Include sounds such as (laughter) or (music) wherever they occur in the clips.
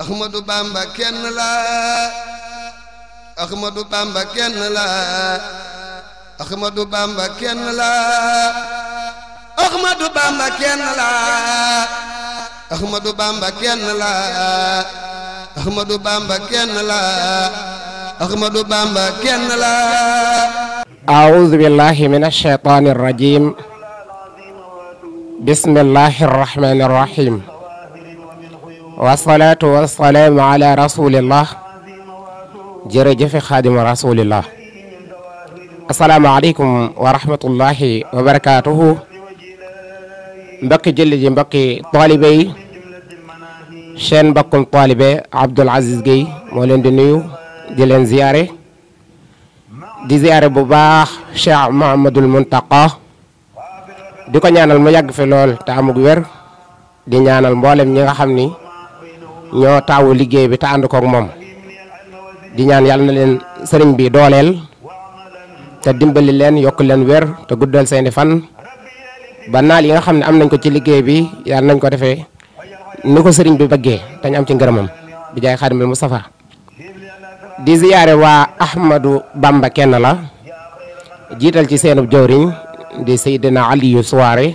أحمدو بامبا كن لا أحمدو بامبا كن لا أحمدو بامبا كن لا أحمدو بامبا كن لا أحمدو بامبا كن لا أحمدو بامبا كن لا أحمدو بامبا كن لا أعوذ بالله من الشيطان الرجيم بسم الله الرحمن الرحيم wasalaatu wasalaamu ala rasulillah jërëjëfe xaadima rasulillah asalaamaaleykum wa rahmatullahi wa barakaatuhu mbokki jëlli ji mbokki taalibe yi seen mbokkum taalibe Aziz Guèye moo leen di nuyu di leen ziyaare di ziyaare bu baax Cheikh Mahamadul Muntaqa di ko ñaanal mu yàgg fi lool te amug wér di ñaanal mboolem ñi nga xam ni ñoo taawu liggéey bi te ànd koog moom di ñaan yàlla na leen sëriñ bii dooleel te dimbali leen yokk leen wér te guddal seeni fan ba naa yi nga xam ne am nañ ko ci liggéey bi yàlla nañ ko defee ni ko sëriñ bi bëggee dañ am ci ngërëmam bi jaay xaadimul Mustafa di ziyaare waa Ahmadou Bamba kenn la jiital ci seenub jawriñ di Seydina yi Souare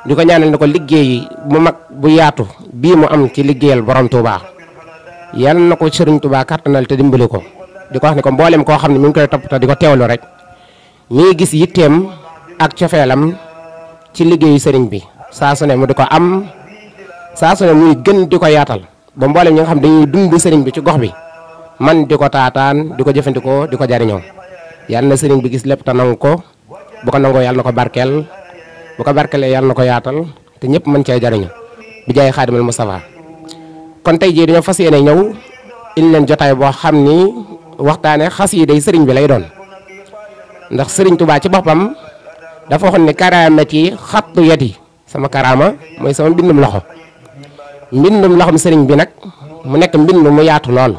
diko ñaanal nako liggey mu mag bu yaatu bi mu am ci liggeyal borom Touba yalla nako Serigne Touba kàttanal te dimbali ko diko wax ni ko mbollem ko xamni mu ngi koy top di diko tewlo rek ñi gis yittem ak ciofelam ci liggey Serigne bi sa sone mu diko am sa sone muy gën diko yaatal ba mbollem ñi nga xam dañuy dund Serigne bi ci gox bi man di tataan diko jëfëndiko diko jariño yalla na Serigne bi gis lepp te nangu ko bu ko nango yalla nako barkel bu ko barkelee yàlla na ko yaatal te ñëpp man cee jariñu bi jaay xaadimal Mustafa kon tey jii dañoo fas yéene ñëw indi leen jotaay boo xam ni waxtaane xas yi day sëriñ bi lay doon ndax sëriñ Tuubaa ci boppam dafa waxoon ne karaama ci xattu yati sama karaama mooy sama mbindum loxo mbindum loxom sëriñ bi nag mu nekk mbind mu yaatu lool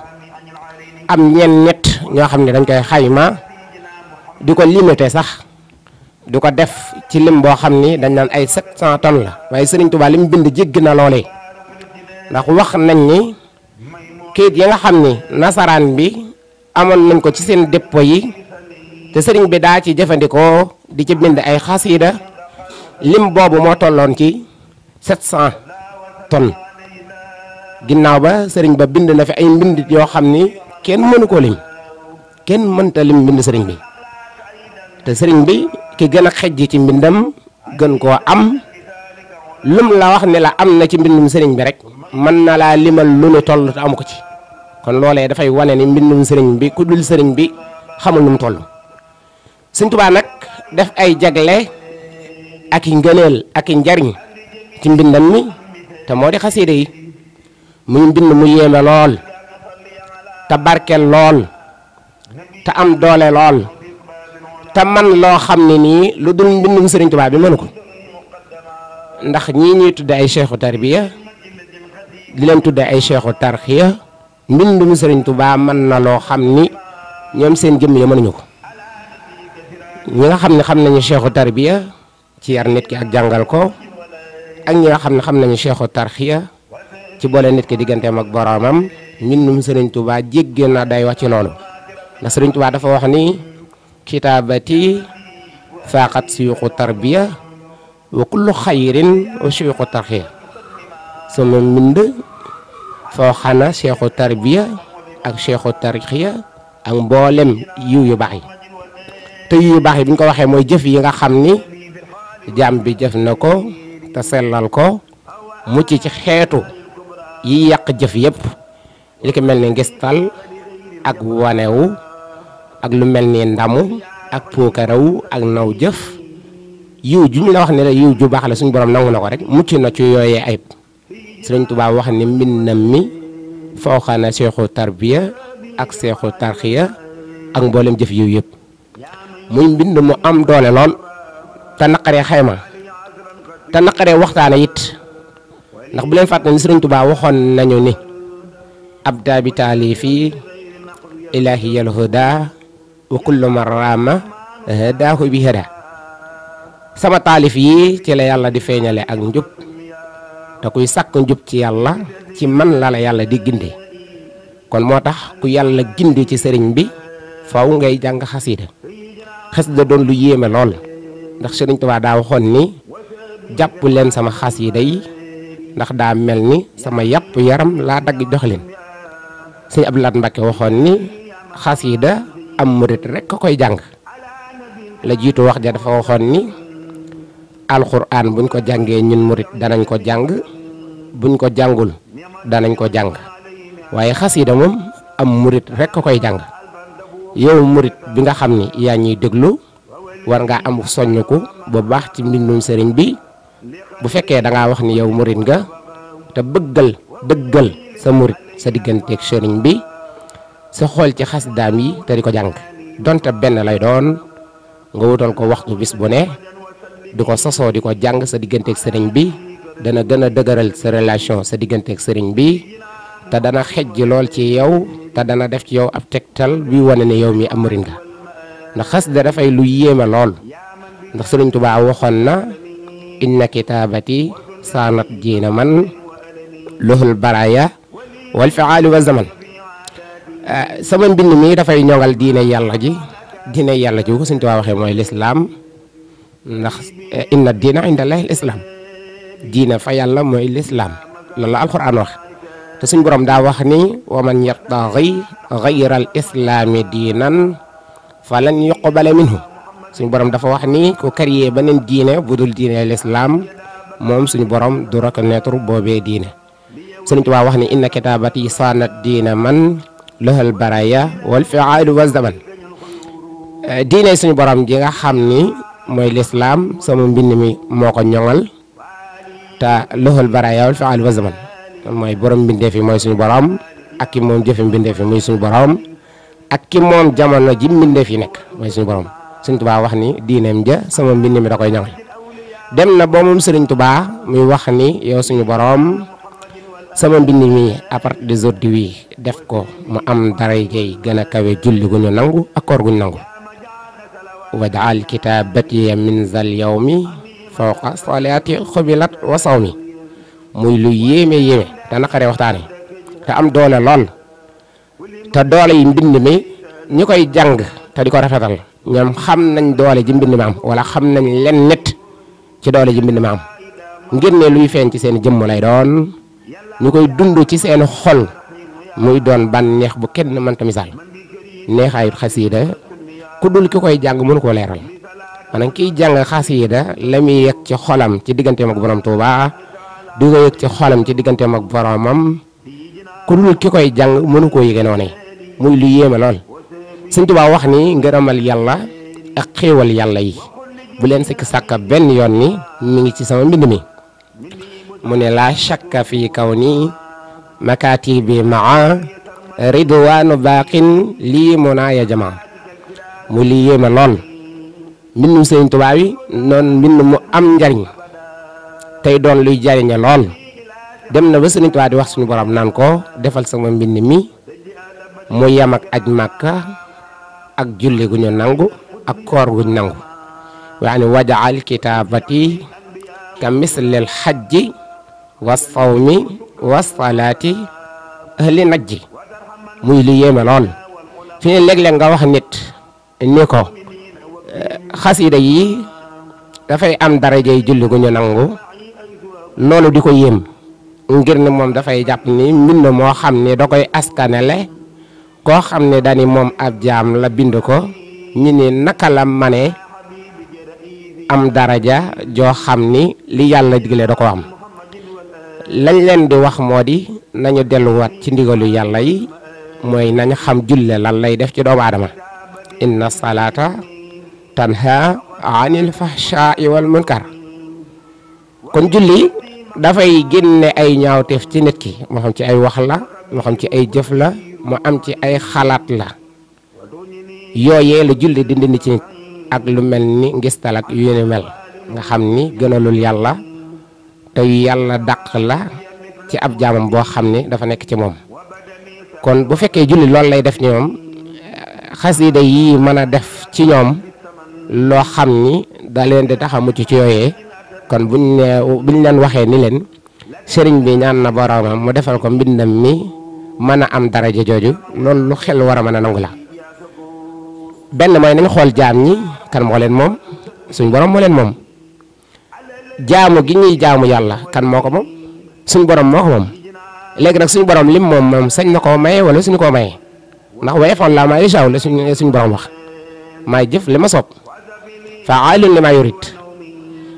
am ñeen ñett ñoo xam ne dañ koy xayma di ko limité sax du ko def ci lim boo xam ni dañ naan ay 700 tonnes la waaye Serigne Touba lim bind jéggi na loolee ndax wax nañ ni kayit ya nga xam ni nasaraan bi amoon nañ ko ci seen dépôt yi te sëriñ bi daa ci jëfandikoo di ci bind ay xasida lim boobu moo tolloon ci 700 tonnes ginnaaw ba sëriñ ba bind na fi ay mbind yoo xam ni kenn mënu ko lim kenn mënta lim bind sëriñ bi te Serigne bi. ki gën a xejj ci mbindam gën koo am lum la wax ne la am na ci mbindum sëriñ bi rek mën na laa limal lu nu toll te amu ko ci kon loolee dafay wane ni mbindum sëriñ bi ku dul sëriñ bi xamul nu mu toll sëñ nag def ay jagle ak i ngëneel ak i njariñ ci mbindam mi te moo di xasiida yi muy mbind mu yéeme lool te barkel lool te am doole lool te man lo xamni ni nii lu dul mbindum sëriñ Tuubaa bi manuko ndax ñi ñi tudde ay cheikhou tarbiya di leen tudde ay cheikhou tarxiya bindum serigne touba man na lo xamni ñom seen jëm ye ya mënuñu ko ñi nga xamni xam nañu cheikhou tarbiya ci yar nit ki ak jangal ko ak ñi nga xamni xam nañu cheikhou tarxiya ci boole nit ki digganteem mak boromam mbindum serigne touba jégge na day wacc ndax dafa wax ni kitaabati faqat suyuqu tarbiya wa kullu xayrin wa suyuqu tarxiya sama mbind foo xana seexu tarbiya ak seexu tarxiya ak mboolem yiw yu baax te yiw yu baax yi ko waxee mooy jëf yi nga xam ni jaam bi jëf na ko te sellal ko mucc ci xeetu yi yàq jëf yëpp li ko mel ni ngistal ak wanewu ak lu mel ni ndamu ak puukaraw ak naw jëf yiw ju ñu la wax ne la yiw ju baax la suñ borom nangu na ko rek mucc na ci yooyee ayib sëriñ Tuubaa wax ni mbindam mi fooxa na seexu tarbiya ak seexu tarxiya ak mboolem jëf yiw yëpp muy mbind mu am doole lool te naqaree xayma te naqaree waxtaana it ndax bu leen fàtte ni sëriñ Tuubaa waxoon nañu ni abda bi taalifi ilaahiyal huda wa kullu man rama daahu bi hada sama talif yi ci la yalla di feñale ak njub da kuy sak njub ci yalla ci man la la yalla di gindi kon motax ku yalla gindi ci serign bi faaw ngay jang khasida khasida don lu lol ndax serign tuba da waxon ni japp len sama khasida yi ndax da melni sama yap yaram la dag doxlin leen sëñ mbake waxon ni khasida am murit rek koy jàng la jiitu wax ja dafa waxoon ni alxuraan buñ ko jàngee ñun murit danañ ko jàng buñ ko jàngul danañ ko jàng waaye xas xasida moom am murit rek ka koy jàng yow murit bi nga xam ni yaa ñuy déglu war ngaa am soññuku bu baax ci mbindum sëriñ bi bu fekkee da wax ni yow murit nga te bëggal dëggal sa murit sa digganteeg sëriñ bi sa xool ci xas daam yi te di ko jàng donte benn lay doon nga wutal ko waxtu bis bu ne di ko sosoo di ko jàng sa digganteek sëriñ bi dana gën a dëgëral sa relation sa digganteek sëriñ bi te dana xejji lool ci yow te dana def ci yow ab tegtal bi wane na yow mi am murid nga ndax xas da dafay lu yéeme lool ndax sëriñ Tuubaa waxoon na inna kitaabati ji jiina man lohul baraya wal fiaali wa zaman Eh, sama mbind mi dafay ñoŋal diine yàlla ji diine yàlla ji bu ko Sëñ Tuubaa waxee mooy lislaam ndax eh, inna diina inda llahi lislaam diine fa yàlla mooy lislaam loolu la alxuraan wax te suñ borom daa wax ni wa man yabtaxi gayra al islaami diinan fa lan yuqbale minhu suñ borom dafa wax ni ku kariyee beneen diine bu dul diine lislaam moom suñu borom du reconnaître boobee diine Sëñ Tuubaa wax ni inna kitaabati saanat diina man lahal baraya wal fi'aalu wa zaman eh, diine suñu borom gi nga xam ni mooy lislaam sama mbind mi moo ko ñoŋal te lahal baraya wal fi'aalu wa mooy borom mbindeef yi mooy suñ borom ak ki moom jëfe muy suñu borom ak ki jamono ji mbindeef yi nekk mooy suñu borom Sëriñ Tuubaa wax ni diineem ja sama mbind mi da koy ñoŋal dem na ba moom Sëriñ muy wax ni yow suñu borom sama mbind mi à partir d'aujourd'hui def ko mu am dara jay gën a kawe julli gu ñu nangu ak koor gu ñu nangu wajaal kitaabati min zal yawmi fawqa yi xubilat wa mi muy lu yéeme yéeme te naqaree waxtaane te am doole lool te doole yi mbind mi ñi koy jàng te di ko rafetal ñoom xam nañ doole ji mbind mi am wala xam nañ leen nit ci doole ji mbind mi am ngir ne luy feeñ ci seeni jëmm lay doon ñu koy dund ci seen xol muy doon ban neex bu kenn mënta misaal neexaayut xasiida ku dul ki koy jàng mënu koo leeral maanaam kiy jàng xasiida la muy yëg ci xolam ci digganteem ak borom Tuuba di ko ci xolam ci digganteem ak boromam ku ki koy jàng mënu koo yëge noonu muy lu yéeme lool Sëñ wax ni ngërëmal yàlla ak xéewal yàlla yi bu leen sikki sàkka benn yoon ni mi ngi ci sama mbind mi mu ne laa shakka fi kawni makaatibi maa ridwaanu baaqin lii mu naa ya jamaa mu lii yéeme lool mbindum sëriñ Tuubaa yi noonu mbind mu am njariñ tey doon luy jariñe lool dem na ba sëriñ Tuubaa wax suñu borom naan ko defal sama mbind mi mu yam ak aj màkka ak julli gu ñu nangu ak koor gu ñu nangu yaani wajaal kitaabati ka mislil xajji wasawmi wasalaati ahli najji muy lu yéeme lool fi ne léeg-léeg nga wax nit ni ko eh, xasida yi dafay am darajey julli gu ñu nangu loolu di ko yéem ngir ne moom dafay jàpp ni mbind moo xam ne da koy askanele koo xam ne dani moom ab jaam la bind ko ñu ni naka la mane am daraja joo xam ni li yàlla digle da ko am lañ leen di wax moo di nañu delluwaat ci ndigalu yàlla yi mooy nañu xam julle lan lay def ci doomu aadama inna salaata tanha anil fahshaa'i wal munkar kon julli dafay génne ay ñaawteef ci nit ki moo xam ci ay wax la moo xam ci ay jëf la mu am ci ay xalaat la yooyee lu julli dindi nit ci nit ak lu mel ni ngistal ak yu ni mel nga xam ni gënalul yàlla te yalla dak la ci ab jaamam bo xamne dafa nek ci mom kon bu fekke julli lol lay def ñoom xasida yi mën def ci ñoom lo xamni da leen di taxamu ci yoyé kon buñ ne buñ leen waxé ni leen sëriñ bi ñaan na boroomam mu defal ko mbindam mi mën am daraaje joju non lu xel wara a nangula ben moy nañ xol jaam ñi kan mo leen mom suñ borom mo leen mom jaamu gi ñuy jaamu yàlla kan moo ko moom suñ borom moo ko moom léegi nag suñ borom lim moom moom sañ na koo maye wala suñ koo maye ndax wa fa laa maa yashaa la suñu suñu borom wax maay jëf li ma soob fa'aalun limaa yuriid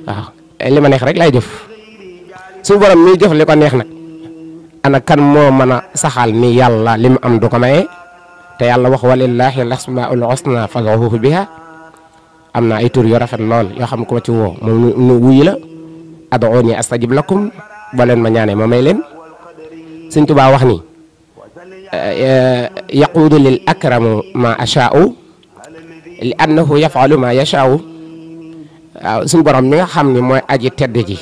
waaw li ma neex rek laay jëf suñu borom miy jëf li ko neex nag ana kan moo mën a saxal ni yàlla li mu am du ko maye te yàlla wax walillaahi al-asmaa'ul husnaa fad'uuhu bihaa am na ay tur yu rafet lool yoo xam ko ci woo moom nu wuyu la. aduuni astajib lakum boo ma ñane ma may leen sëñ Tuubaa wax ni yaquudu lil akram ma asha'u li annahu yafalu ma yasha'u waaw borom mi nga xamni moy aji tedd ji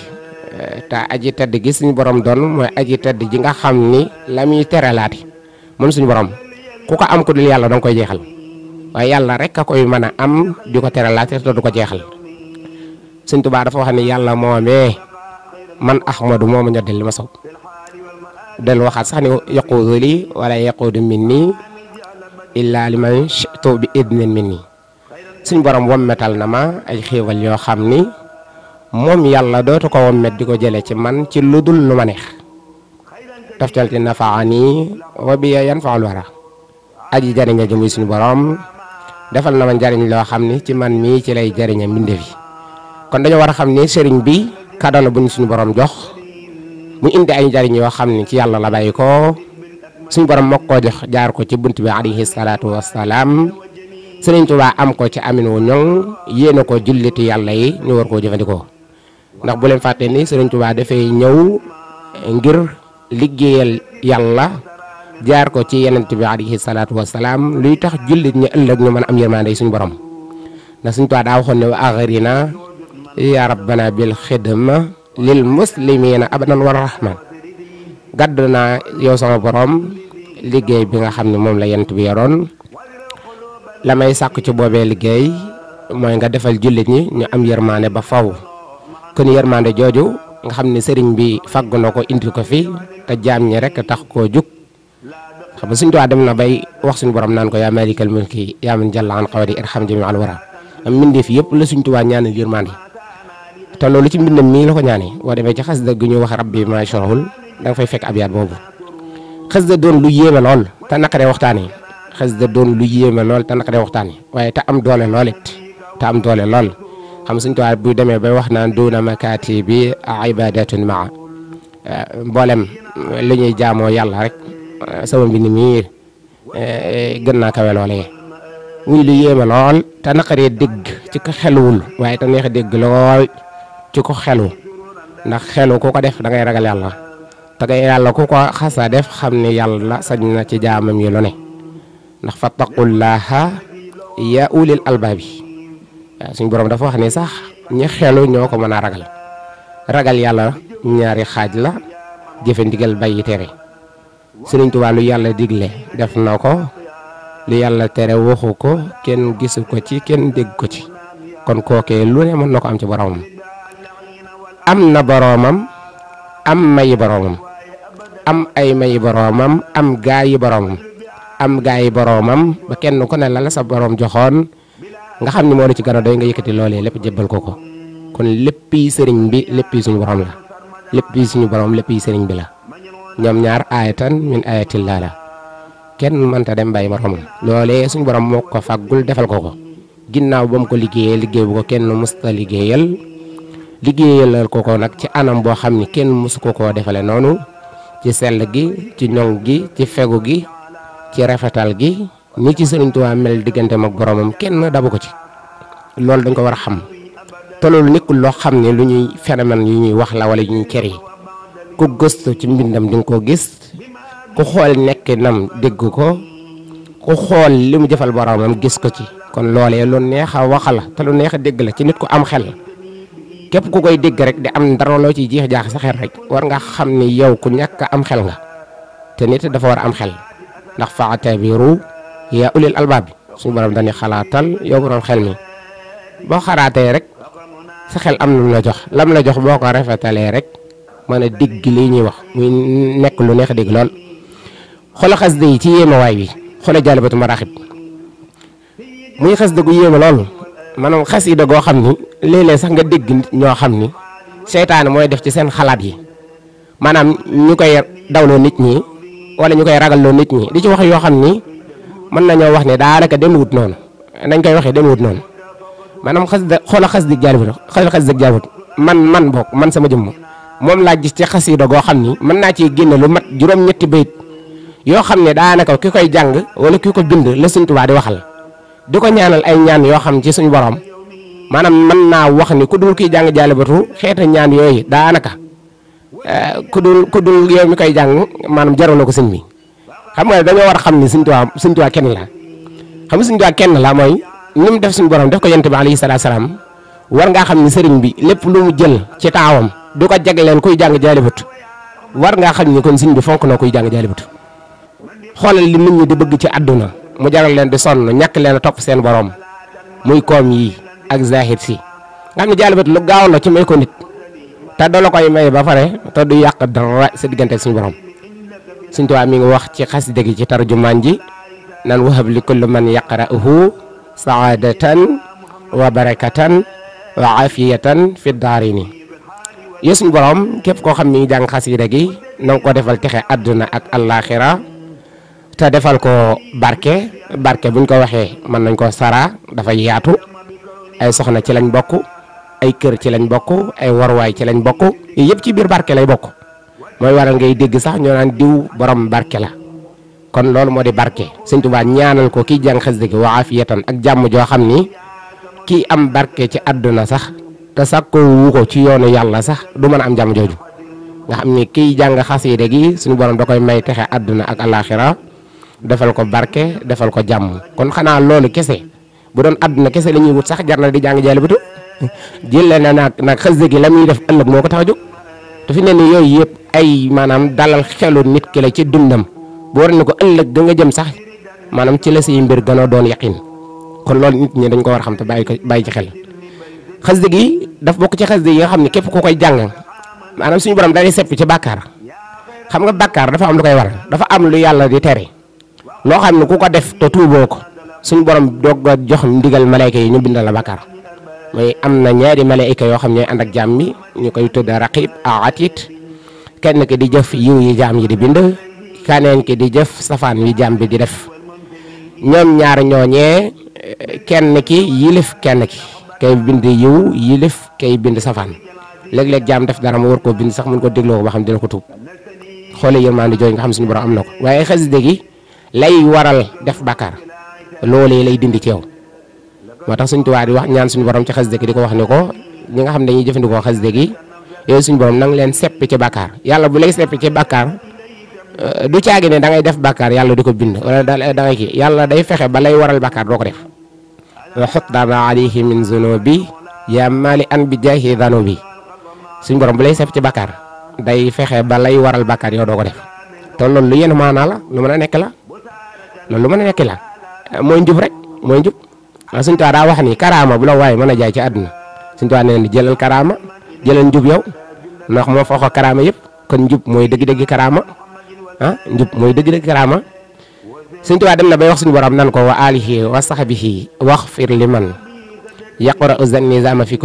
ta aji tedd gi suñu borom don moy aji tedd ji nga xamni ni la mon teralaati borom ku ko am ko dul yalla dang koy jexal waye yalla rek ka koy meuna am di ko te do ko jexal Sintu tubaa dafa wax yalla momé man ahmadu moo ma ñoddil li ma sow del waxat sax ni yaquduli wala yaquudu minni illa liman li bi idnin minni nii suñ borom wommetal na ma ay xewal yo xamni mom moom yàlla dootu ko wommet di ko jële ci man ci ludul neex taftal nafaani wa bi yan wara aji jariña ji muy borom defal na ma njariñ lo xamni ci man mi ci lay kon dañu war a xam ne sëriñ bi kado la bu suñu borom jox mu indi ay jariñ yo xam ne ci yalla la bayiko suñu borom moko ko jox jaar ko ci buntu bi alayhi salatu wassalam sëriñ Tuubaa am ko ci amin wu ñoŋ ko julliti yalla yi ñu war ko jëfëndiko ndax bu leen faté ni sëriñ da fay ñëw ngir liggéeyal yalla jaar ko ci yenent bi alayhi salatu wassalam luy tax jullit ñi ëllëg ñu mëna am yërmande suñu borom na suñu Tuubaa da waxone wa axarina ya rabbana bil xidma lil muslimina abadan wa rahma gàddu naa yow sama borom liggéey bi nga xam ne moom la yent bi yoroon la may ci boobee liggéey nga defal ñi ñu am yërmaane ba faw kon yërmaande jooju nga xam ne bi fàgg na ko indi ko fi te jaam ñi rek tax koo jug xam suñu tuwaa dem na bay wax suñu borom naan ko yaa malikal mulki yaa man jalla an irham jami al wara am mbindeef yëpp la suñu ñaanal te loolu ci mbindam mii la ko ñaanee boo demee ci xasida gi ñuy wax rabbi ma sharahul da nga fay fekk ab yaat boobu xasida doon lu yéeme lool te naqaree waxtaanee xasida doon lu yéeme lool te naqaree waxtaanee waaye te am doole lool it am doole lool xam suñ tuwaay bu demee bay wax naan duuna makaati bi ibadatun maa eh, mboolem li ñuy jaamoo yàlla rek eh, sama mbind mii eh, gën naa kawe lu yéeme lool te naqaree dégg ci ko xeluwul waaye te neex dégg lool ci ko xelu ndax xelu ku ko def da ngay ragal yalla ta ngay yalla ko def xamni yalla sañna na ci jaamam yi lo ne ndax fattaqullaha ya ulil albab suñ borom dafa wax ni sax ñi xelu ñoko mëna ragal ragal yalla ñaari xaj la jëfe ndigal bàyyi tere sëriñ lu yalla digle def nako li yalla téré waxuko waxu ko kenn ci kenn ko ci kon koke lu ne mën na ko am ci boromam am na boroomam am mayi boroomam am ay mayi boroomam am gaayi boroomam am gaayi boroomam ba kenn ku ne la la sa borom joxoon nga xam ni moo la ci gën a doy nga yëkkati loolee lépp jébbal ko ko kon léppi sëriñ bi léppi suñu boroom la léppi suñu boroom léppi sëriñ bi la ñoom ñaar aayatan min aayatillaa la kenn mënta dem bàyyi moroomam loolee suñu borom mook ko faggul defal ko ko ginnaaw ba mu ko liggéeyee liggéey bu ko kenn musta liggéeyal liggéeyalal ko ko nag ci anam boo xam ni kenn mësu ko koo defale noonu ci sell gi ci ñoŋ gi ci fegu gi ci rafetal gi ni ci Sëriñ Tuubaa mel diggante mag boromam kenn dabu ko ci loolu dañ ko war a xam te loolu nekkul loo xam ne lu ñuy phénomène yu ñuy wax la wala yu ñuy cer yi ku gëstu ci mbindam di nga ko gis ku xool nekk nam dégg ko ku xool li mu jëfal boromam gis ko ci kon loolee lu neex a wax la te lu neex a dégg la ci nit ko am xel képp ku koy dégg rek di am dara loo ciy jeex jaax sa xel rek war nga xam ni yow ku ñàkk am xel nga te nit dafa war am xel ndax faatabiru yaa ulil albaab bi su borom dañuy xalaatal yow borom xel mi boo xalaatee rek sa xel am lu la jox lam la jox boo ko rafetalee rek mën a digg lii ñuy wax muy nekk lu neex dégg lool xoola xas de yi ci yéemawaay bi xoola jaalibatu maraaxib muy xas de gu yéema lool maanaam xasida goo xam ni léeg-léeg sax nga dégg ñoo xam ni seytaane mooy def ci seen xalaat yi maanaam ñu koy dawloo nit ñi wala ñu koy ragalloo nit ñi di ci wax yoo xam ni mën nañoo wax ne daanaka demewut noonu nañ koy waxee wut noonu maanaam xasida xoola xasida Jaalibuut xoola xasida Jaalibuut man man boog man sama jëmm moom laa gis ci xasida goo xam ni mën naa ciy génne lu mat juróom-ñetti bayit yoo xam ne daanaka ki koy jàng wala ki ko bind la Sëñ Tuubaa di waxal. diko ñaanal ay ñaan yo xam ci suñu borom manam man na wax ni ku dul jang jale batu xeeta ñaan da daanaka eh, ku dul ku dul yow mi koy jang manam jaroo nako señ mi xam nga dañu war xam ni señ tuwa sëñ tuwaa kenn la xam nga sëñ tuwaa kenn la moy ni def suñu borom def ko yentiba ali sallallahu alaihi wasallam war nga xam ni bi lepp lu mu jël ci taawam du ko jagleen kuy jale batu war nga xam ni kon señ bi fonk na kuy jale batu xolal li nit ñi di bëgg ci aduna mu jaral leen di sonn ñàkk leen a topp seen borom muy koom yi ak zahid si nga xam ne jaalibet lu gaaw la ci may ko nit te doo la koy may ba pare te du yàq dara sa diggante ak suñu borom suñ tubaab mi ngi wax ci xasida gi ci tarjumaan ji nan wahab li kulli man yaqra'uhu saadatan wa barakatan wa afiyatan fi daarini yow suñu borom képp koo xam mi ngi xasida gi na nga ko defal texe àdduna ak àllaaxira ta defal ko barke barke buñ ko waxe man nañ ko sara dafa yaatu ay soxna ci lañ bokku ay kër ci lañ bokku ay warway ci lañ bokku yépp ci bir barke lay bokku moy waral ngay dégg sax ñoo naan diw borom barke la kon lool modi barke sëñ touba ñaanal ko ki jang xasida gi wa afiyatan ak jamm jo xamni ni am barke ci aduna sax ta sakko wu ko ci yoonu yalla sax du mëna am jamm joju nga xamni ki jang xasside gi suñu borom da koy may texe aduna ak alakhirah defal ko barke defal ko jàmm kon xanaa loolu kese bu doon àdduna kese lañuy wut sax jar na di jàng jaalibatu jëlee na nag nag xasida gi la muy def ëllëg moo ko tax a jóg te fi ne ni yooyu yëpp ay maanaam dalal xelu nit ki la ci dundam boo war ne ko ëllëg da nga jëm sax maanaam ci la say mbir gënoo doon yaqin kon loolu nit ñi dañ ko war a xam te bàyyi ko bàyyi ci xel xasida daf bokk ci xasida yi nga xam ne képp koo koy jàng maanaam suñu borom da sepp ci bàkkaar xam nga bàkkaar dafa am lu koy waral dafa am yàlla di tere. lo xamne kuko def te tuuboo ko suñu borom doog jox ndigal malaika yi ñu bindal bakkar may amna am ñaari malaika yo xamne ñooy ànd ak jaam mi ñu koy tudd raqib aatit kenn ke di jëf yiw yi jam yi di bind kanen ke di jëf safan yi jam bi di def ñom ñaar ñoñe kenn ki yilif kenn ki kay bind yiw yilif kay bind safan leg leg jam def dara mu war ko bind sax ko deglo ba xam dina ko tuub xoole yermandi joy nga xam suñu borom am ko gi lay waral def bakkaar loolee lay dindi ci yow moo tax suñ tubaab di wax ñaan suñu borom ci xasida gi di ko wax ne ko ñi nga xam ne dañuy jëfandikoo xasida gi yooyu suñu borom nang leen seppi ci bakkaar yàlla bu lay seppi ci bakkaar euh, du caagi ne da def bakkaar yàlla di ko bind wala da ngay yàlla day fexe ba lay waral bakkaar doo def wa xut dama alayhi min zunubi yaa maali an bi jaahi danubi suñ borom bu lay sepp ci bakkaar day fexe ba lay waral bakkaar yow doo ko def te loolu lu maanaa la lu mën a nekk la loolu lu mën a nekk la mooy njub rek mooy njub waaw suñu tubaab daa wax ni karaama bu la waaye mën a jaay ci àdduna suñu tubaab nee na jëlal karaama jëlal njub yow ndax wax karaama kon njub mooy dëgg-dëgg karaama ah njub mooy dëgg-dëgg karaama suñu na bay wax suñu borom nan ko wa alihi wa sahbihi waxfir liman yaqra'u zannizama fi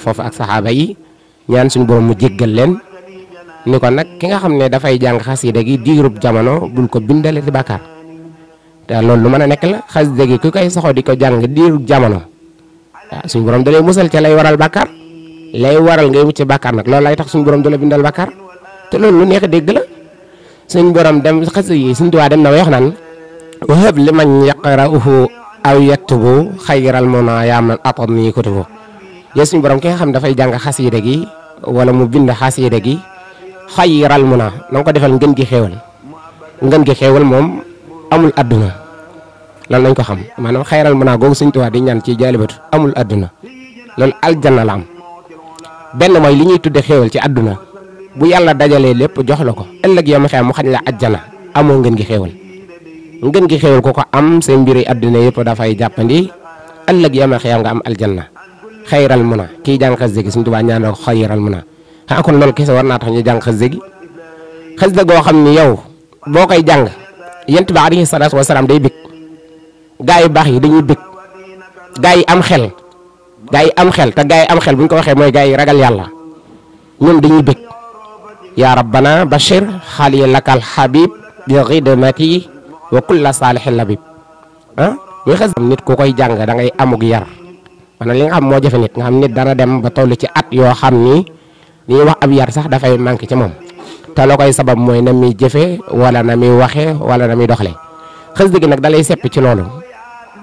foofu ak saxaaba yi ñaan suñu borom mu jéggal leen ni ko nak ki nga xamne da fay jang xasida gi diirub jamono bul ko bindale di bakar da lolou lu nek la xasida gi ku kay saxoo di ko di diirub jamono ah, suñu borom dalay musal ca lay waral bakar lay waral ngay wucce bàkkaar nak lolou lay tax suñu borom du bindal bakar te lolou lu neex dégg la suñu borom dem xasida yi suñu tuwaa dem na wax wa hab liman yaqra'uhu aw yaktubu khayral mona yaa man atani kutubu ya suñu borom ki nga xam fay jang xasida gi wala mu bind xasida gi xayiral mu naa ko defal ngën gi xéewal ngën gi xéewal moom amul àdduna loolu nañ ko xam maanaam xayiral mu naa googu Sëñ Tuubaa di ñaan ci jaalibatu amul àdduna loolu aljanna la am benn mooy li ñuy tudde xéewal ci àdduna bu yàlla dajalee lépp jox la ko ëllëg yow ma xeex mu xañ la ajjana amoo ngen gi xéewal ngën gi xéewal ko ko am seen mbiri àdduna yëpp dafay jàppandi ëllëg yow ma xeex nga am aljanna xayiral mu naa kii jàng xas dégg Sëñ ñaan la ko xayiral mu ah kon loolu kese war naa tax ñu jàng xasida gi xasida goo xam ni yow boo koy jàng yent ba alayhi salaatu wasalaam day bég gaa yu yi dañuy bég gaa am xel gaa am xel te gaa am xel bu ko waxee mooy gaa ragal yàlla ñoom dañuy bég yaa rabbana bashir xaaliya lakal habib bi xidmati wa kulla saalihin labib ah ñi xas nit ku koy jàng da ngay amug yar maanaam li nga xam moo jafe nit nga xam nit dana dem ba toll ci at yoo xam li ñuy wax ab yar sax dafay manqué ci moom te la koy sabab mooy na muy jëfee wala na muy waxee wala na muy doxalee xës dëgg nag dalay sepp ci loolu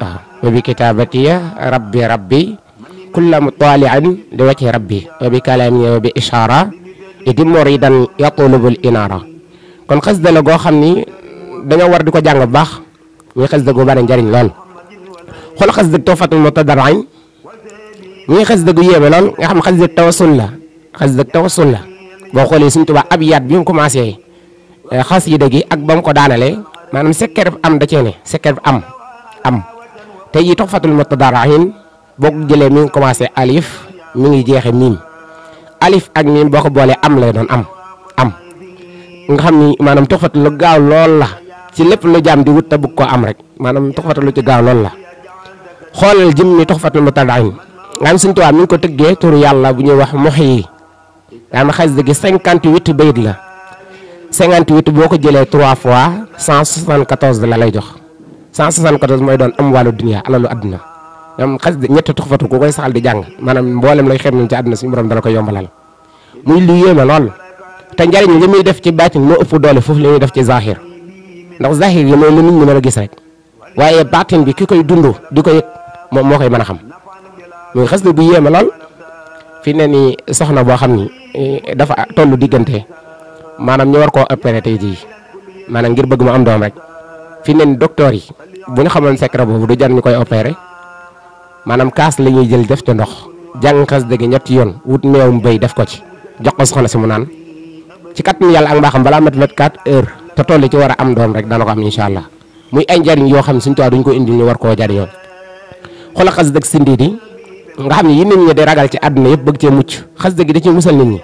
waaw wa bi kitaabatiya rabbi rabbi kulla mutalian li wacci rabbi wa bi kalamiya wa bi ishaara idi muridan yatulubul inaara kon xës da la goo xam ni dañoo war di ko jàng bu baax muy xës dëggu bari njariñ lool xool xës dëgg toofatul mutadarrain muy xës dëggu yéeme lool nga xam xës dëgg tawassul la xasida tawassul la boo xoolee suñ tubaab abiyat bi mu commencé xasida gi ak bam ko daanalee manam secret am da ci ne am am te yi toxfatul mutadarahin bok jele mi ngi commencé alif mi ngi min. mim alif ak mim boo bolé am lay don am am nga xamni manam maanaam lu gaaw lol la ci lepp lu jam di wut te bëgg koo am rek manam ci gaaw lol la xolal jimmi tofatul mutadarahin nga xam suñ tubaab mi ngi ko tëggee turu yalla bu ñu wax nga xam ne 58 bayit la 58 boo ko jëlee 3 fois 174 la lay jox 174 mooy doon am wàllu dunia alalu adduna ñoom xasida ñetti tuxfatu ku koy saxal di jàng maanaam mboolem lay xeeb ci àdduna suñu borom dala ko yombalal muy lu yéeme lool te njariñ li muy def ci baatin moo ëpp doole foofu li def ci zahir ndax zahir yi mooy lu nit ñi mën a gis rek waaye baatin bi ki koy dund di ko yëg moom moo koy mën xam muy xasida bu yéeme lool fi ne nii soxna boo xam ni eh, dafa tollu diggante maanaam ñu war koo opéré tey jii maanaam ngir bëgg am doom rek fi ne nii docteur yi bu ñu xamoon secret boobu du jar ñu koy opéré maanaam kaas la jël def ci ndox jàng xas dëgg ñetti yoon wut meewum bay def ko ci jox ko soxna si mu naan ci ak 24 heures am doom rek dana ko am allah muy ay njariñ yoo xam suñu toit duñ ko indi ñu war koo jariñoo xoolal xas nga xam ne yi nit ñi di ragal ci àdduna yëpp bëgg cee mucc xasida gi da ci musal nit ñi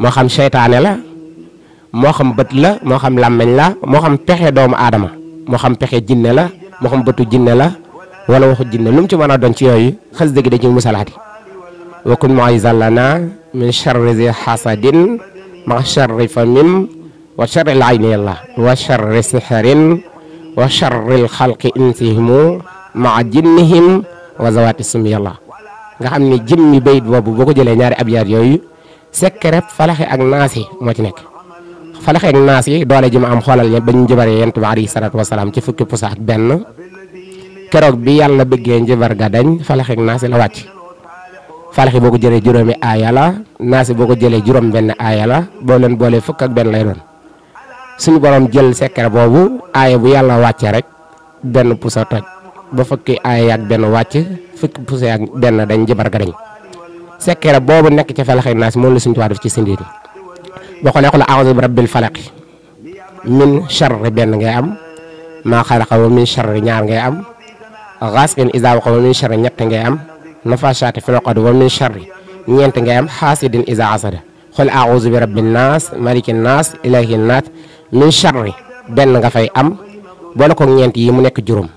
moo xam seytaane la moo xam bët la moo xam làmmeñ la moo xam pexe doomu aadama moo xam pexe jinne la moo xam bëtu jinne la wala waxu jinne lu ci mën a doon ci yooyu xasida gi da ciy musalaati wa kun mu'izan lana min sharri zi hasadin ma sharri famim wa sharri l-ayni yàlla wa sharri sihrin wa sharri l insihimu ma jinnihim wa zawaati sum yàlla nga xamni jimmi beyd bobu Boko Jele ñaari abyaat yooyu sekrep falaxe ak nasi mo ci nek falaxe ak nasi doole ji am xolal ñe bañ jëbaree yent bi alayhi salaatu ci fukki pousa ak ben kérok bi yàlla bëggee njëbar ga dañ falaxe ak nasi la wacc falaxe boko ko juroomi ayala aaya la naas yi boo ko jëlee juróom benn la boo leen boolee fukk ak ben lay doon suñu borom jël sekrep bobu bu yalla wacc rek ben pousa toj ba fukki aaya ak benn wàcc fukki puse ak benn dañ jëbar ga dañ sekkere boobu nekk ci falaxi naas moom la suñu tuwaa def ci sindiir yi boo ko neexul a'uuzu bi rabbil falaq min charri benn ngay am maa xalaqa wa min ñaar ngay am gaasiqin izaa waqa wa min charri ñett ngay am nafaasaati fil uqad wa min charri ñeent ngay am xaasidin izaa hasada xul a'uuzu bi rabbin naas malikin naas ilaahin naas min charri benn nga fay am boole ko ñeent yi mu nekk juróom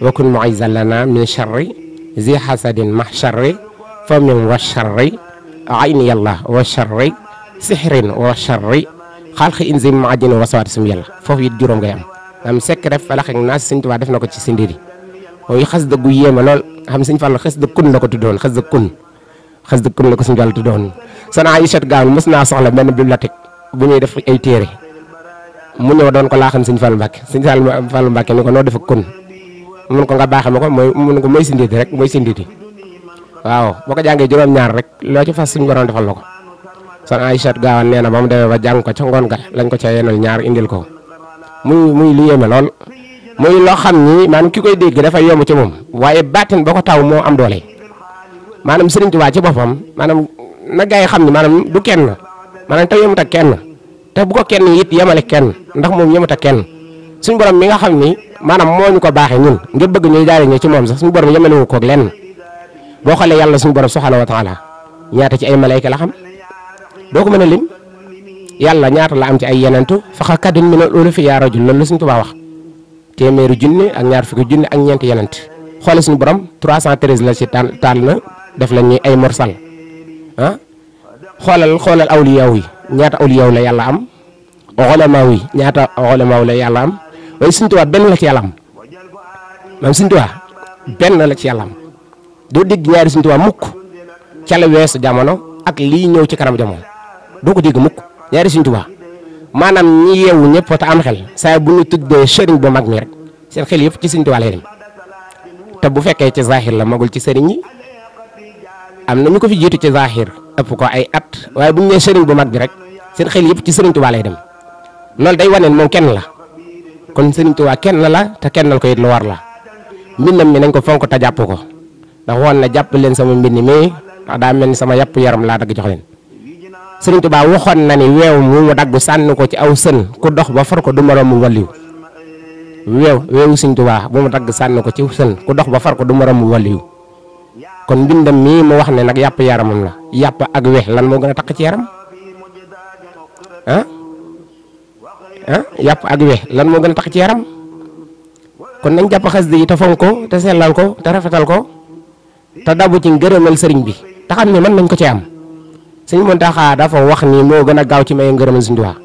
wakun muizan lana min charri zi hasadin ma charri fa min wa charri ayni yàlla wa charri sixrin wa charri xalqi insi maajin wasawaat sum yàlla foofu it juróom ngay am am secret falax naas Sëñ Tuubaa def na ko ci sindiri mooy xas da gu yéema lool xam Sëñ Fallu xas da kun la ko tuddoon da kun xas da kun la ko Sëñ Fallu tuddoon sana Aïchat naa soxla benn bibliothèque bu ñuy def ay téere mu ñëw doon ko laaxan Sëñ Fallu Mbàkke Sëñ Fallu Mbàkke ni ko noo mun ko nga baaxe ma ko mooy mun ko mooy si ndiiti rek mooy si ndiiti waaw boo ko jàngee juróom-ñaar rek loo ci fas suñu borom defal la ko son Aïchat Gaawaan nee na ba mu demee ba jàng ko ca ngoon ga lañ ko ca yenal ñaar indil ko muy muy lu yéeme lool muy loo xam ni maanaam kii koy dégg dafa yomb ci moom waaye baatin boo ko taw moo am doole maanaam Sëriñ Tuubaa ci boppam maanaam na gaa yi xam ni maanaam du kenn maanaam te mu ak kenn te bu ko kenn it yemale kenn ndax moom yemut ak kenn suñ borom mi nga xamni manam moñu ko baxé ñun nga bëgg ñuy jaariñe ci mom sax suñu borom yemene wu ak lenn bo xalé yalla suñu borom subhanahu wa taala ñaata ci ay malaika la xam doo mëna lim yalla ñaata la am ci ay yenentu faxa kadin min al ulufi ya rajul loolu la suñ tubaa wax téméru jinné ak ñaar fukki jinné ak ñent yenent xoole suñu borom 313 la ci tànn tànn na def lañ ñuy ay morsal ah xolal xolal awliyaaw ñaata awliyaaw la yalla am xolamaaw wi ñaata xolamaaw la yalla am waaye Sëñ Tuubaa benn la ci yàlla am maanaam Sëñ Tuubaa benn la ci yàllam am doo dégg ñaari Sëñ Tuubaa mukk weesu jamono ak lii ñëw ci kanam jamono doo ko dégg mukk ñaari Sëñ Tuubaa maanaam ñi yeewu ñëpp te am xel saa bu ñu tuddee sëriñ bu mag mi rek seen xel yëpp ci Sëñ Tuubaa lay dem te bu fekkee ci zahir la magul ci sëriñ yi am na ñu ko fi jiitu ci zahir ëpp ko ay at waaye bu ñu nee bu mag bi rek seen xel yëpp ci Sëriñ Tuubaa lay dem loolu day wane moom la. kon Serigne Touba kenn la te kennal lako yit lu war la minam mi nango fonko ta japp ko da won na japp len sama mbind mi da melni sama yap yaram la dag jox len Serigne Touba waxon na ni wew mu mu san ko ci aw sën ku dox ba far ko du moromu waliw wew wew Serigne Touba bu mu dag san ko ci sën ku dox ba far ko du moromu waliw kon bindam mi mu wax ne nak yap yaram la yap ak lan mo gëna a ci yaram ah yap yàpp ak we lan mo gën tax ci yaram kon nañ japp xasida ta te ko te selal ko te rafetal ko ta dabu ci ngeureumal serigne bi te xam man nañ ko ci am sëñ Muntaxa dafa wax ni mo gëna a gaaw ci may ngeureumal serigne Tuubaa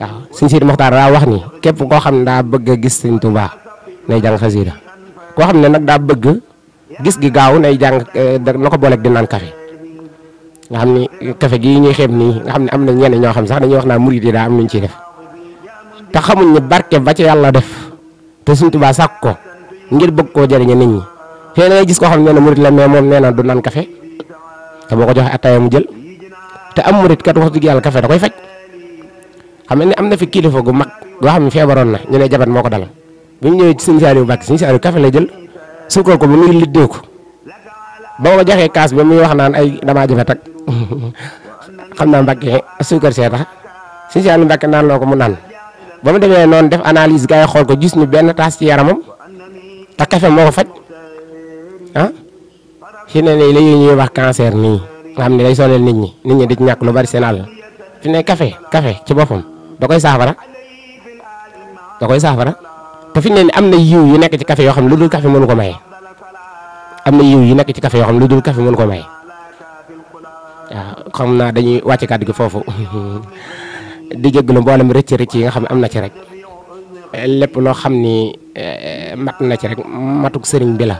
waaw serigne Sidi mokhtar da wax ni kep ko da bëgg gis serigne touba nay jang xasida ko xam nak da bëgg gis gi gaaw nay jang eh, na bolek di nan kafe nga xam ni kafe gi ñuy xeeb nii nga xam ne am na ñenn ñoo xam sax dañuy wax naa murid yi daa am nuñ ciy def te xamuñ ne barke ba ci yàlla def te suñ tubaa sàkk ko ngir bëgg koo jëriñe nit ñi xëy na ngay gis koo xam ne ne murid la mais moom nee na du naan kafe te boo ko joxee ataaya mu jël te am murid kat wax dëgg yàlla kafe da koy faj xam ne ne am na fi kilifa gu mag goo xam ne feebaroon na ñu ne jabat moo ko dalal bu ñu ñëwee ci suñu saali bu sa suñu la jël suukar ba ma joxee kaas bi muy wax naan ay damaa jafe tak xam naa Mbacke suukar see tax suñu si àll Mbacke naan loo ko mu naan ba mu demee noonu def analyse gars xool ko gis ñu benn taas ci yaramam te kafe moo ko faj ah fi ne nii la ñuy wax cancer nii nga xam ne day sonal nit ñi nit ñi di ñàkk lu bari seen àll fi ne kafe kafe ci boppam da koy saafara da koy saafara te fi ne nii am na yiw yu nekk ci kafe yoo xam ne lu dul kafe mënu ko maye. am na yiw yi nekk ci kafe yoo xam ne lu dul café mën ko may waaw xam naa dañuy wàcc kàddu gi foofu (laughs) di jégalu mboolem rëcc rëcc yi nga xam ne am na ci rek lépp loo xam ni eh, mat na ci rek matuk sëriñ bi la.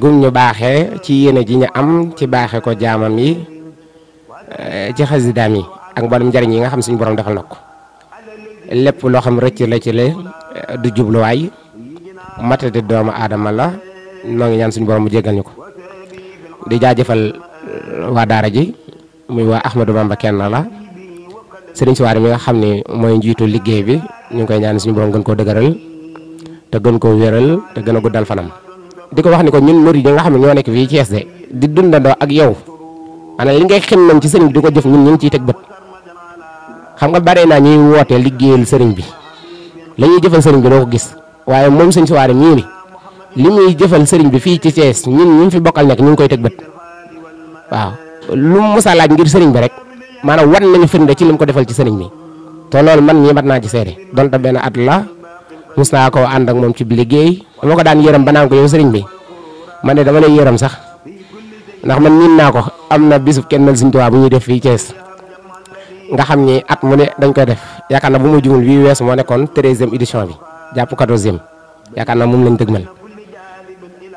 gum ñu baaxee ci yéene ji ñu am ci baaxe ko jaamam yi eh, ci xasidaam yi ak mboolem njariñ yi nga xam suñu boroom defal na ko lépp loo xam rëcc la ci eh, la jubluwaay matadi doomu aadama la. noo ngi ñaan suñu borom mu jéggal ñu ko di jaa jaajëfal waa daara ji muy waa Ahmadou Bamba kenn la sëriñ Siwaare mi nga xam ne mooy njiitu liggéey bi ñu ngi koy ñaan suñu borom gën koo dëgëral te gën koo wéral te gën a guddal fanam. di ko wax ni ko ñun murid yi nga xam ne ñoo nekk fii Thiès de di dundandoo ak yow maanaam li ngay xemmam ci sëriñ bi di ko jëf ñun ñu ngi ciy teg bët xam nga bare naa ñuy woote liggéeyal sëriñ bi lañuy ñuy jëfal sëriñ bi doo ko gis waaye moom sëriñ Siwaare mii ni limuy jëfël sëriñ bi fi ci Thiès ñun ñu fi bokal nek ñu koy teg bët waaw lu mu mos laaj ngir sëriñ bi rek manam wan nañu firnde ci lim ko defal ci sëriñ bi to loolu man ñi mat na ci don donte ben at la musna ko and ak mom ci liggéey mo ko daan yëram ba ko yow sëriñ bi man de dama lay yëram sax ndax man ñin naa ko am kenn mel Sëriñ Tuubaa bu ñuy def fi Thiès nga xamni at mu ne dañ koy def yaakaar na bu ma jumul wii weesu moo 13e édition bi japp 14e na moom lañ dëgmal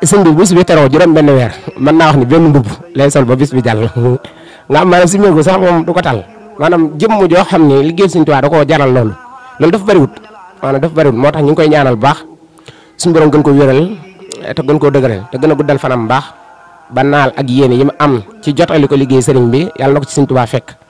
sëñ bi bu si wéteroo juróom benn weer mën naa wax ni benn mbubb lay sol ba bis bi jàll nga am maanaam si méegu sax moom du ko tal maanaam jëmm joo xam ne liggéey Sëñ Tuubaa da koo jaral loolu loolu dafa bëriwut maanaam dafa bëriwut moo tax ñu ngi koy ñaanal baax suñu borom gën ko wéral te gën koo dëgëral te gën a guddal fanam baax ba naal ak yéene yi mu am ci jotali ko liggéey sëriñ bi yàlla na ko ci Sëñ fekk